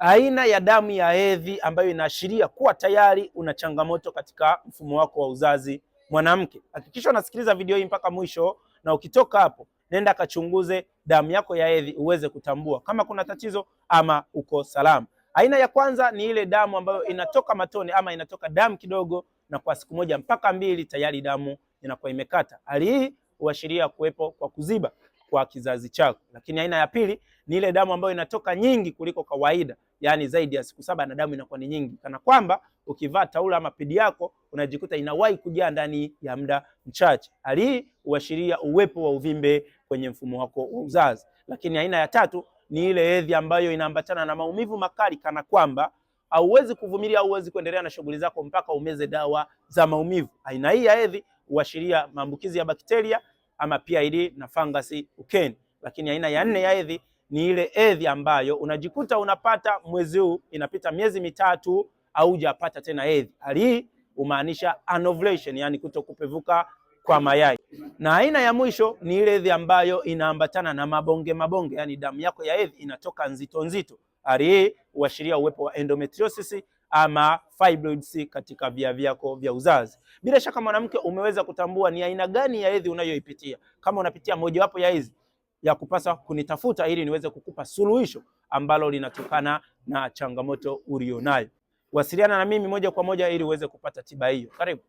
aina ya damu ya hedhi ambayo inaashiria kuwa tayari una changamoto katika mfumo wako wa uzazi. Mwanamke, hakikisha unasikiliza video hii mpaka mwisho, na ukitoka hapo nenda kachunguze damu yako ya hedhi uweze kutambua kama kuna tatizo ama uko salama. Aina ya kwanza ni ile damu ambayo inatoka matone ama inatoka damu kidogo, na kwa siku moja mpaka mbili tayari damu inakuwa imekata. Hali hii huashiria kuwepo kwa kuziba kwa kizazi chako. Lakini aina ya pili ni ile damu ambayo inatoka nyingi kuliko kawaida, yani zaidi ya siku saba na damu inakuwa ni nyingi, kana kwamba ukivaa taula ama pedi yako unajikuta inawahi kujaa ndani ya muda mchache. Hali hii huashiria uwepo wa uvimbe kwenye mfumo wako wa uzazi. Lakini aina ya tatu ni ile hedhi ambayo inaambatana na maumivu makali, kana kwamba hauwezi kuvumilia au huwezi kuendelea na shughuli zako mpaka umeze dawa za maumivu. Aina hii ya hedhi huashiria maambukizi ya bakteria ama PID na fangasi ukeni. Lakini aina ya nne ya hedhi ni ile hedhi ambayo unajikuta unapata mwezi huu, inapita miezi mitatu haujapata tena hedhi. Hali hii humaanisha anovulation, yani kutokupevuka kwa mayai. Na aina ya mwisho ni ile hedhi ambayo inaambatana na mabonge mabonge, yani damu yako ya hedhi inatoka nzito nzito. Hali hii huashiria uwepo wa endometriosis ama fibroids katika via vyako vya uzazi. Bila shaka mwanamke, umeweza kutambua ni aina gani ya hedhi unayoipitia. Kama unapitia mojawapo ya hizi ya kupasa kunitafuta ili niweze kukupa suluhisho ambalo linatokana na changamoto ulionayo. Wasiliana na mimi moja kwa moja ili uweze kupata tiba hiyo. Karibu.